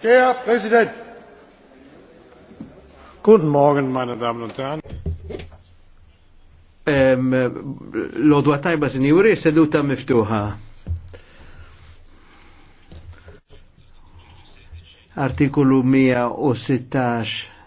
Herr Präsident! Guten Morgen, meine Damen und Herren. L-odwa tajba sinjuri, seduta miftuħa. Artikolu 116